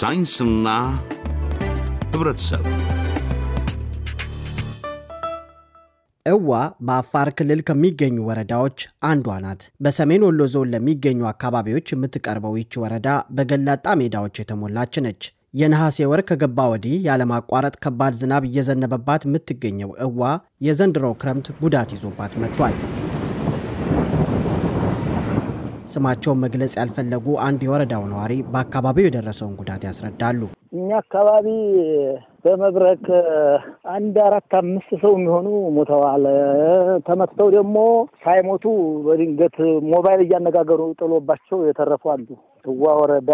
ሳይንስና ህብረተሰብ እዋ በአፋር ክልል ከሚገኙ ወረዳዎች አንዷ ናት። በሰሜን ወሎ ዞን ለሚገኙ አካባቢዎች የምትቀርበው ይቺ ወረዳ በገላጣ ሜዳዎች የተሞላች ነች። የነሐሴ ወር ከገባ ወዲህ ያለማቋረጥ ከባድ ዝናብ እየዘነበባት የምትገኘው እዋ የዘንድሮው ክረምት ጉዳት ይዞባት መጥቷል። ስማቸውን መግለጽ ያልፈለጉ አንድ የወረዳው ነዋሪ በአካባቢው የደረሰውን ጉዳት ያስረዳሉ። እኛ አካባቢ በመብረቅ አንድ አራት አምስት ሰው የሚሆኑ ሞተዋል። ተመትተው ደግሞ ሳይሞቱ በድንገት ሞባይል እያነጋገሩ ጥሎባቸው የተረፉ አሉ። ትዋ ወረዳ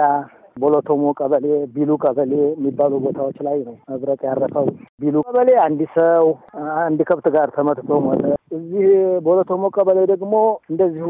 ቦሎቶሞ ቀበሌ፣ ቢሉ ቀበሌ የሚባሉ ቦታዎች ላይ ነው መብረቅ ያረፈው። ቢሉ ቀበሌ አንድ ሰው አንድ ከብት ጋር ተመትቶ ሞተ። እዚህ በሁለተሞ ቀበሌ ደግሞ እንደዚሁ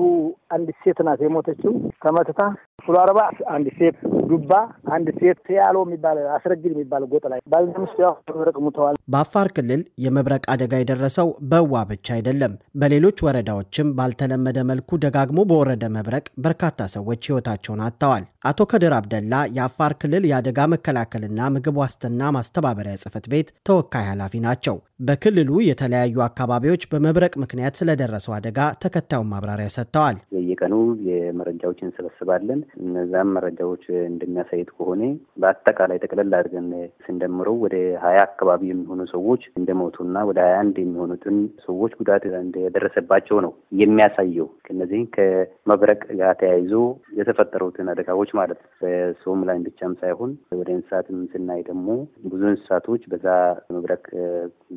አንድ ሴት ናት የሞተችው ተመትታ ሱሉ አርባ አንድ ሴት ዱባ አንድ ሴት ቴያሎ የሚባል አስረግድ የሚባል ጎጥ ላይ ባልዘምስ ሚስት መብረቅ ሙተዋል። በአፋር ክልል የመብረቅ አደጋ የደረሰው በዋ ብቻ አይደለም። በሌሎች ወረዳዎችም ባልተለመደ መልኩ ደጋግሞ በወረደ መብረቅ በርካታ ሰዎች ህይወታቸውን አጥተዋል። አቶ ከድር አብደላ የአፋር ክልል የአደጋ መከላከልና ምግብ ዋስትና ማስተባበሪያ ጽህፈት ቤት ተወካይ ኃላፊ ናቸው። በክልሉ የተለያዩ አካባቢዎች በመብረቅ ምክንያት ስለደረሰው አደጋ ተከታዩን ማብራሪያ ሰጥተዋል። በየቀኑ የመረጃዎች እንሰበስባለን። እነዛም መረጃዎች እንደሚያሳይት ከሆነ በአጠቃላይ ጠቅለል አድርገን ስንደምረው ወደ ሀያ አካባቢ የሚሆኑ ሰዎች እንደሞቱና ወደ ሀያ አንድ የሚሆኑትን ሰዎች ጉዳት እንደደረሰባቸው ነው የሚያሳየው። እነዚህም ከመብረቅ ጋር ተያይዞ የተፈጠሩትን አደጋዎች ማለት በሰውም ላይ ብቻም ሳይሆን ወደ እንስሳትም ስናይ ደግሞ ብዙ እንስሳቶች በዛ መብረቅ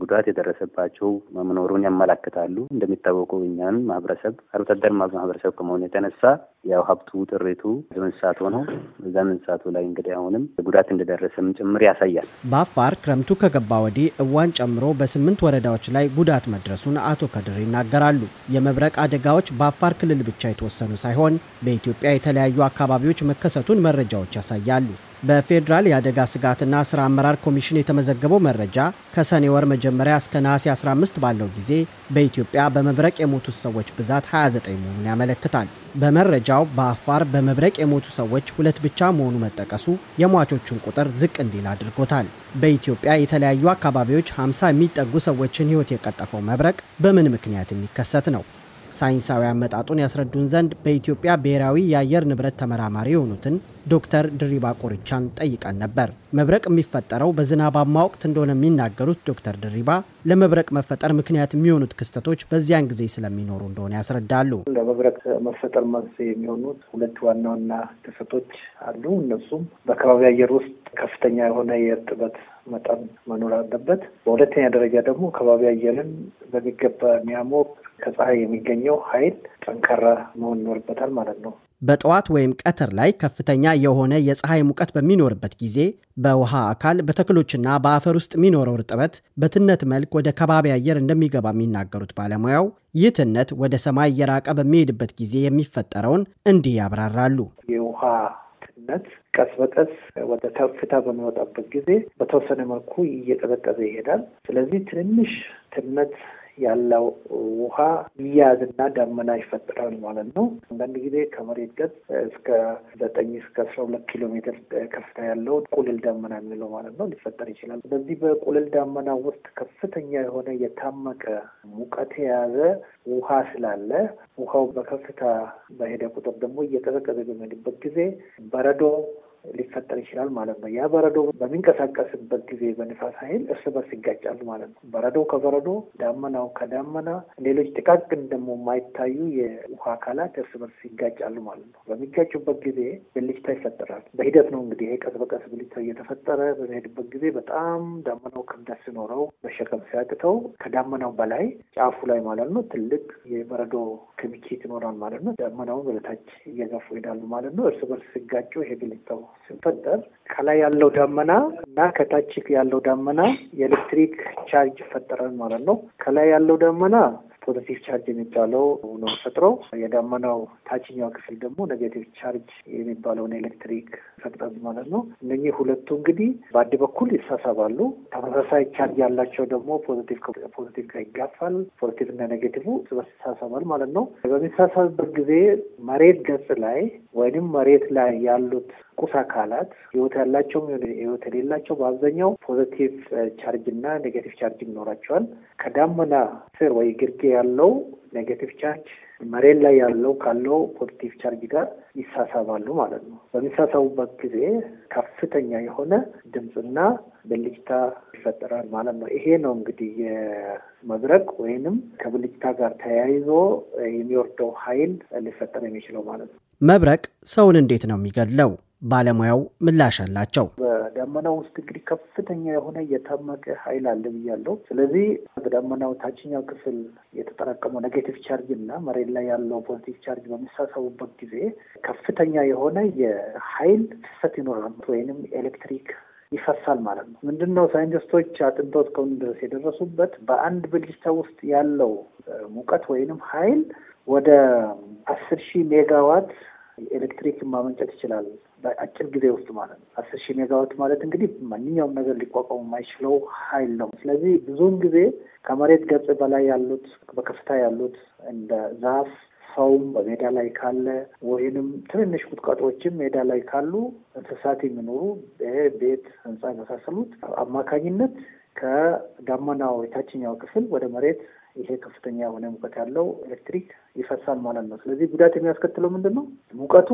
ጉዳት የደረሰባቸው መኖሩን ያመላክታሉ። እንደሚታወቀው እኛን ማህበረሰብ አርብቶ አደር ማህበረሰብ ከመሆኑ የተነሳ ያው ሀብቱ ጥሪቱ በእንስሳቱ ነው። በዛ እንስሳቱ ላይ እንግዲህ አሁንም ጉዳት እንደደረሰም ጭምር ያሳያል። በአፋር ክረምቱ ከገባ ወዲህ እዋን ጨምሮ በስምንት ወረዳዎች ላይ ጉዳት መድረሱን አቶ ከድር ይናገራሉ። የመብረቅ አደጋዎች በአፋር ክልል ብቻ የተወሰኑ ሳይሆን በኢትዮጵያ የተለያዩ አካባቢዎች መከሰቱን መረጃዎች ያሳያሉ። በፌዴራል የአደጋ ስጋትና ስራ አመራር ኮሚሽን የተመዘገበው መረጃ ከሰኔ ወር መጀመሪያ እስከ ነሐሴ 15 ባለው ጊዜ በኢትዮጵያ በመብረቅ የሞቱ ሰዎች ብዛት 29 መሆኑን ያመለክታል። በመረጃው በአፋር በመብረቅ የሞቱ ሰዎች ሁለት ብቻ መሆኑ መጠቀሱ የሟቾቹን ቁጥር ዝቅ እንዲል አድርጎታል። በኢትዮጵያ የተለያዩ አካባቢዎች 50 የሚጠጉ ሰዎችን ሕይወት የቀጠፈው መብረቅ በምን ምክንያት የሚከሰት ነው? ሳይንሳዊ አመጣጡን ያስረዱን ዘንድ በኢትዮጵያ ብሔራዊ የአየር ንብረት ተመራማሪ የሆኑትን ዶክተር ድሪባ ቆርቻን ጠይቀን ነበር። መብረቅ የሚፈጠረው በዝናባማ ወቅት እንደሆነ የሚናገሩት ዶክተር ድሪባ ለመብረቅ መፈጠር ምክንያት የሚሆኑት ክስተቶች በዚያን ጊዜ ስለሚኖሩ እንደሆነ ያስረዳሉ። ለመብረቅ መፈጠር መንስኤ የሚሆኑት ሁለት ዋና ዋና ክስተቶች አሉ። እነሱም በአካባቢ አየር ውስጥ ከፍተኛ የሆነ የእርጥበት መጠን መኖር አለበት። በሁለተኛ ደረጃ ደግሞ ከባቢ አየርን በሚገባ የሚያሞቅ ከፀሐይ የሚገኘው ኃይል ጠንካራ መሆን ይኖርበታል ማለት ነው። በጠዋት ወይም ቀትር ላይ ከፍተኛ የሆነ የፀሐይ ሙቀት በሚኖርበት ጊዜ በውሃ አካል በተክሎችና በአፈር ውስጥ የሚኖረው ርጥበት በትነት መልክ ወደ ከባቢ አየር እንደሚገባ የሚናገሩት ባለሙያው ይህ ትነት ወደ ሰማይ እየራቀ በሚሄድበት ጊዜ የሚፈጠረውን እንዲህ ያብራራሉ። የውሃ ትነት ቀስ በቀስ ወደ ከፍታ በሚወጣበት ጊዜ በተወሰነ መልኩ እየቀዘቀዘ ይሄዳል። ስለዚህ ትንሽ ትነት ያለው ውሃ ይያዝና ዳመና ይፈጥራል ማለት ነው። አንዳንድ ጊዜ ከመሬት ገጽ እስከ ዘጠኝ እስከ አስራ ሁለት ኪሎ ሜትር ከፍታ ያለው ቁልል ዳመና የሚለው ማለት ነው ሊፈጠር ይችላል። ስለዚህ በቁልል ዳመና ውስጥ ከፍተኛ የሆነ የታመቀ ሙቀት የያዘ ውሃ ስላለ ውሃው በከፍታ በሄደ ቁጥር ደግሞ እየቀዘቀዘ በሚሄድበት ጊዜ በረዶ ሊፈጠር ይችላል ማለት ነው። ያ በረዶ በሚንቀሳቀስበት ጊዜ በንፋስ ኃይል እርስ በርስ ይጋጫሉ ማለት ነው። በረዶ ከበረዶ፣ ዳመናው ከዳመና፣ ሌሎች ጥቃቅን ደግሞ የማይታዩ የውሃ አካላት እርስ በርስ ይጋጫሉ ማለት ነው። በሚጋጩበት ጊዜ ብልጭታ ይፈጠራል። በሂደት ነው እንግዲህ ይሄ ቀስ በቀስ ብልጭታ እየተፈጠረ በሚሄድበት ጊዜ በጣም ዳመናው ክብደት ሲኖረው መሸከም ሲያቅተው ከዳመናው በላይ ጫፉ ላይ ማለት ነው ትልቅ የበረዶ ክምችት ይኖራል ማለት ነው። ዳመናውን ወደታች እየገፉ ይሄዳሉ ማለት ነው። እርስ በርስ ሲጋጩ ይሄ ብልጭታው ሲፈጠር ከላይ ያለው ደመና እና ከታች ያለው ደመና የኤሌክትሪክ ቻርጅ ይፈጠራል ማለት ነው። ከላይ ያለው ደመና ፖዘቲቭ ቻርጅ የሚባለው ነው ፈጥረው የደመናው ታችኛው ክፍል ደግሞ ኔጌቲቭ ቻርጅ የሚባለውን ኤሌክትሪክ ፈጥረን ማለት ነው። እነኚህ ሁለቱ እንግዲህ በአንድ በኩል ይሳሳባሉ። ተመሳሳይ ቻርጅ ያላቸው ደግሞ ፖዘቲቭ ፖዘቲቭ ጋር ይጋፋል። ፖዘቲቭ እና ኔጌቲቭ ስበስ ይሳሳባል ማለት ነው። በሚሳሰብበት ጊዜ መሬት ገጽ ላይ ወይንም መሬት ላይ ያሉት ቁስ አካላት ህይወት ያላቸውም ህይወት የሌላቸው በአብዛኛው ፖዘቲቭ ቻርጅ እና ኔጌቲቭ ቻርጅ ይኖራቸዋል። ከዳመና ስር ወይ ግርጌ ያለው ኔጌቲቭ ቻርጅ መሬት ላይ ያለው ካለው ፖዚቲቭ ቻርጅ ጋር ይሳሳባሉ ማለት ነው። በሚሳሳቡበት ጊዜ ከፍተኛ የሆነ ድምፅና ብልጭታ ይፈጠራል ማለት ነው። ይሄ ነው እንግዲህ የመብረቅ ወይንም ከብልጭታ ጋር ተያይዞ የሚወርደው ኃይል ሊፈጠር የሚችለው ማለት ነው። መብረቅ ሰውን እንዴት ነው የሚገድለው? ባለሙያው ምላሽ አላቸው። በዳመና ውስጥ እንግዲህ ከፍተኛ የሆነ የታመቀ ኃይል አለ ብያለው። ስለዚህ በዳመናው ታችኛው ክፍል የተጠራቀመው ኔጌቲቭ ቻርጅ እና መሬት ላይ ያለው ፖዚቲቭ ቻርጅ በሚሳሰቡበት ጊዜ ከፍተኛ የሆነ የኃይል ፍሰት ይኖራል ወይንም ኤሌክትሪክ ይፈሳል ማለት ነው። ምንድን ነው ሳይንቲስቶች አጥንተው እስካሁን ድረስ የደረሱበት በአንድ ብልጭታ ውስጥ ያለው ሙቀት ወይንም ኃይል ወደ አስር ሺህ ሜጋዋት ኤሌክትሪክ ማመንጨት ይችላል። በአጭር ጊዜ ውስጥ ማለት ነው። አስር ሺህ ሜጋዋት ማለት እንግዲህ ማንኛውም ነገር ሊቋቋሙ የማይችለው ኃይል ነው። ስለዚህ ብዙውን ጊዜ ከመሬት ገጽ በላይ ያሉት በከፍታ ያሉት እንደ ዛፍ ሰውም በሜዳ ላይ ካለ ወይንም ትንንሽ ቁጥቋጦዎችም ሜዳ ላይ ካሉ እንስሳት የሚኖሩ ቤት፣ ህንፃ የመሳሰሉት አማካኝነት ከዳመናው የታችኛው ክፍል ወደ መሬት ይሄ ከፍተኛ የሆነ ሙቀት ያለው ኤሌክትሪክ ይፈሳል ማለት ነው። ስለዚህ ጉዳት የሚያስከትለው ምንድን ነው? ሙቀቱ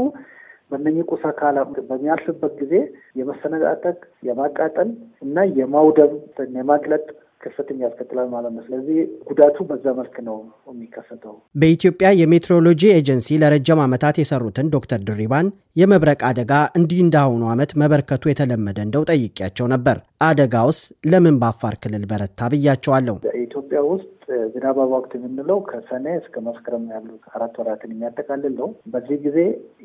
በእነኚህ ቁስ አካላት በሚያልፍበት ጊዜ የመሰነጣጠቅ፣ የማቃጠል እና የማውደም የማቅለጥ ክፍት ያስከትላል ማለት ነው። ስለዚህ ጉዳቱ በዛ መልክ ነው የሚከሰተው። በኢትዮጵያ የሜትሮሎጂ ኤጀንሲ ለረጅም ዓመታት የሰሩትን ዶክተር ድሪባን የመብረቅ አደጋ እንዲህ እንዳሁኑ ዓመት መበርከቱ የተለመደ እንደው ጠይቄያቸው ነበር። አደጋውስ ለምን በአፋር ክልል በረታ ብያቸዋለሁ። በኢትዮጵያ ውስጥ ዝናባ ወቅት የምንለው ከሰኔ እስከ መስከረም ያሉት አራት ወራትን የሚያጠቃልል ነው። በዚህ ጊዜ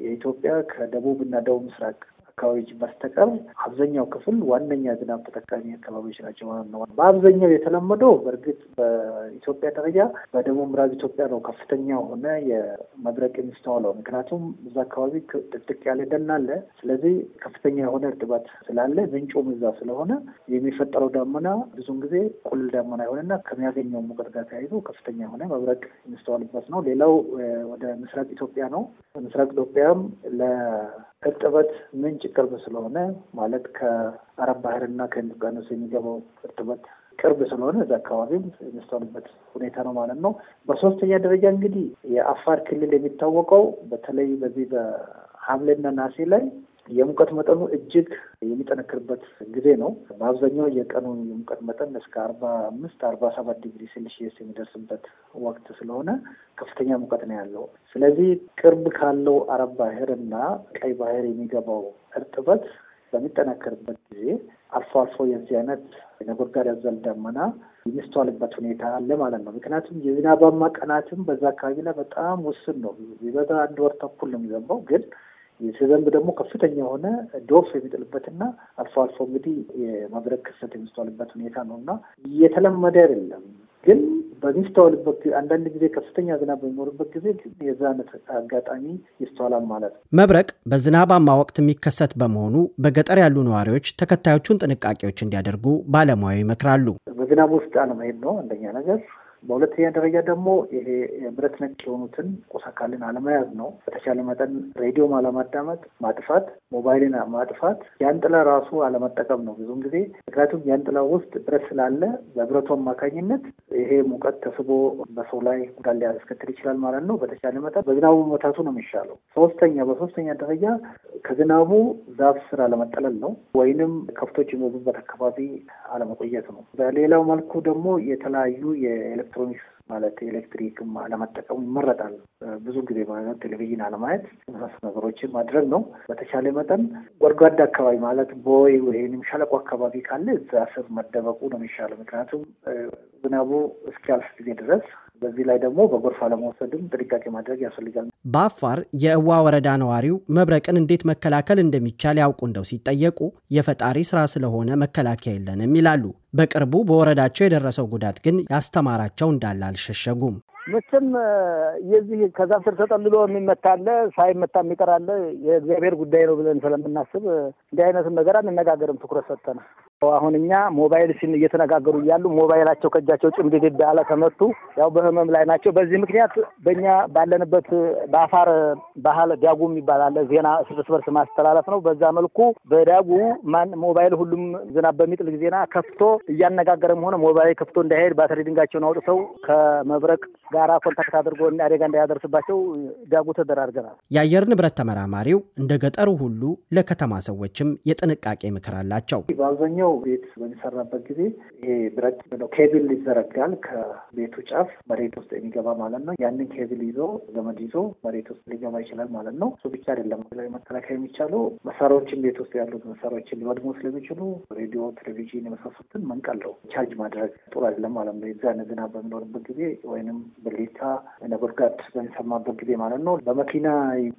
የኢትዮጵያ ከደቡብ እና ደቡብ ምስራቅ አካባቢዎች በስተቀር አብዛኛው ክፍል ዋነኛ ዝናብ ተጠቃሚ አካባቢዎች ናቸው ማለት ነው። በአብዛኛው የተለመደው በእርግጥ በኢትዮጵያ ደረጃ በደቡብ ምዕራብ ኢትዮጵያ ነው ከፍተኛ ሆነ የመድረቅ የሚስተዋለው። ምክንያቱም እዛ አካባቢ ጥቅጥቅ ያለ ደን አለ። ስለዚህ ከፍተኛ የሆነ እርጥበት ስላለ ምንጮም እዛ ስለሆነ የሚፈጠረው ዳመና ብዙን ጊዜ ቁልል ዳመና የሆነና ከሚያገኘው ሙቀት ጋር ተያይዞ ከፍተኛ የሆነ መብረቅ የሚስተዋልበት ነው። ሌላው ወደ ምስራቅ ኢትዮጵያ ነው። ምስራቅ ኢትዮጵያም ለ እርጥበት ምንጭ ቅርብ ስለሆነ ማለት ከአረብ ባህርና ከውቅያኖስ የሚገባው እርጥበት ቅርብ ስለሆነ እዚ አካባቢም የሚስተዋልበት ሁኔታ ነው ማለት ነው። በሶስተኛ ደረጃ እንግዲህ የአፋር ክልል የሚታወቀው በተለይ በዚህ በሐምሌና ነሐሴ ላይ የሙቀት መጠኑ እጅግ የሚጠነክርበት ጊዜ ነው። በአብዛኛው የቀኑ የሙቀት መጠን እስከ አርባ አምስት አርባ ሰባት ዲግሪ ሴልሺየስ የሚደርስበት ወቅት ስለሆነ ከፍተኛ ሙቀት ነው ያለው። ስለዚህ ቅርብ ካለው አረብ ባህርና ቀይ ባህር የሚገባው እርጥበት በሚጠናከርበት ጊዜ አልፎ አልፎ የዚህ አይነት ነጎድጓድ አዘል ደመና የሚስተዋልበት ሁኔታ አለ ማለት ነው። ምክንያቱም የዝናባማ ቀናትም በዛ አካባቢ ላይ በጣም ውስን ነው። ቢበዛ አንድ ወር ተኩል ነው የሚዘንበው ግን ሲዘንብ ደግሞ ከፍተኛ የሆነ ዶፍ የሚጥልበትና አልፎ አልፎ እንግዲህ የመብረቅ ክስተት የሚስተዋልበት ሁኔታ ነው እና እየተለመደ አይደለም ግን በሚስተዋልበት አንዳንድ ጊዜ ከፍተኛ ዝናብ በሚኖርበት ጊዜ የዛ አይነት አጋጣሚ ይስተዋላል ማለት ነው። መብረቅ በዝናባማ ወቅት የሚከሰት በመሆኑ በገጠር ያሉ ነዋሪዎች ተከታዮቹን ጥንቃቄዎች እንዲያደርጉ ባለሙያው ይመክራሉ። በዝናብ ውስጥ አለመሄድ ነው አንደኛ ነገር። በሁለተኛ ደረጃ ደግሞ ይሄ ብረት ነክ የሆኑትን ቁስ አካልን አለመያዝ ነው። በተቻለ መጠን ሬዲዮም አለማዳመጥ፣ ማጥፋት፣ ሞባይልን ማጥፋት፣ ጃንጥላ ራሱ አለመጠቀም ነው ብዙውን ጊዜ ምክንያቱም ጃንጥላ ውስጥ ብረት ስላለ በብረቱ አማካኝነት ይሄ ሙቀት ተስቦ በሰው ላይ ጉዳት ሊያስከትል ይችላል ማለት ነው። በተቻለ መጠን በዝናቡ መታቱ ነው የሚሻለው። ሶስተኛ በሶስተኛ ደረጃ ከዝናቡ ዛፍ ስር አለመጠለል ነው፣ ወይንም ከብቶች የሚወጉበት አካባቢ አለመቆየት ነው። በሌላው መልኩ ደግሞ የተለያዩ ኤሌክትሮኒክስ ማለት ኤሌክትሪክ አለመጠቀሙ ይመረጣል። ብዙ ጊዜ ማለት ቴሌቪዥን አለማየት የመሳሰሉ ነገሮችን ማድረግ ነው። በተቻለ መጠን ጎድጓዳ አካባቢ ማለት ቦይ ወይም ሸለቆ አካባቢ ካለ እዛ ስር መደበቁ ነው የሚሻለው። ምክንያቱም ዝናቡ እስኪያልፍ ጊዜ ድረስ በዚህ ላይ ደግሞ በጎርፍ አለመውሰድም ጥንቃቄ ማድረግ ያስፈልጋል። በአፋር የእዋ ወረዳ ነዋሪው መብረቅን እንዴት መከላከል እንደሚቻል ያውቁ እንደው ሲጠየቁ የፈጣሪ ስራ ስለሆነ መከላከያ የለንም ይላሉ። በቅርቡ በወረዳቸው የደረሰው ጉዳት ግን ያስተማራቸው እንዳለ አልሸሸጉም። መቼም የዚህ ከዛፍ ስር ተጠልሎ የሚመታለ ሳይመታ የሚቀራለ የእግዚአብሔር ጉዳይ ነው ብለን ስለምናስብ እንዲህ አይነቱን ነገር አንነጋገርም ትኩረት ሰጠነ። አሁን እኛ ሞባይል ሲን እየተነጋገሩ እያሉ ሞባይላቸው ከእጃቸው ጭምድድድ አለ ተመቱ። ያው በህመም ላይ ናቸው። በዚህ ምክንያት በእኛ ባለንበት በአፋር ባህል ዳጉ የሚባል አለ። ዜና እርስ በርስ ማስተላለፍ ነው። በዛ መልኩ በዳጉ ማን ሞባይል ሁሉም ዝናብ በሚጥል ዜና ከፍቶ እያነጋገረም ሆነ ሞባይል ከፍቶ እንዳይሄድ ባትሪ ድንጋቸውን አውጥተው ከመብረቅ ጋራ ኮንታክት አድርጎ አደጋ እንዳያደርስባቸው ዳጉ ተደራርገናል። የአየር ንብረት ተመራማሪው እንደ ገጠሩ ሁሉ ለከተማ ሰዎችም የጥንቃቄ ምክር አላቸው። በአብዛኛው ቤት በሚሰራበት ጊዜ ይሄ ብረት ኬብል ይዘረጋል ከቤቱ ጫፍ መሬት ውስጥ የሚገባ ማለት ነው። ያንን ኬብል ይዞ ገመድ ይዞ መሬት ውስጥ ሊገባ ይችላል ማለት ነው። እሱ ብቻ አይደለም ላይ መከላከያ የሚቻለው መሳሪያዎችን ቤት ውስጥ ያሉት መሳሪያዎችን ሊወድሙ ስለሚችሉ ሬዲዮ፣ ቴሌቪዥን የመሳሰሉትን መንቀለው ቻርጅ ማድረግ ጥሩ አይደለም ማለት ነው። የዛን ዝናብ በሚኖርበት ጊዜ ወይንም ብልታ ነጎድጓድ በሚሰማበት ጊዜ ማለት ነው። በመኪና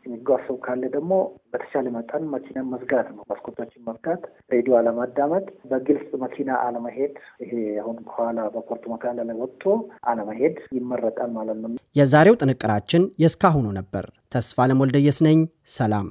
የሚጓዝ ሰው ካለ ደግሞ በተቻለ መጠን መኪና መዝጋት ነው። መስኮቶችን መዝጋት፣ ሬዲዮ አለማዳመጥ፣ በግልጽ መኪና አለመሄድ። ይሄ አሁን ከኋላ በፖርቱ መካከል ላይ ወጥቶ አለመሄድ ይመረጣል ማለት ነው። የዛሬው ጥንቅራችን የእስካሁኑ ነበር። ተስፋ ለሞልደየስ ነኝ። ሰላም።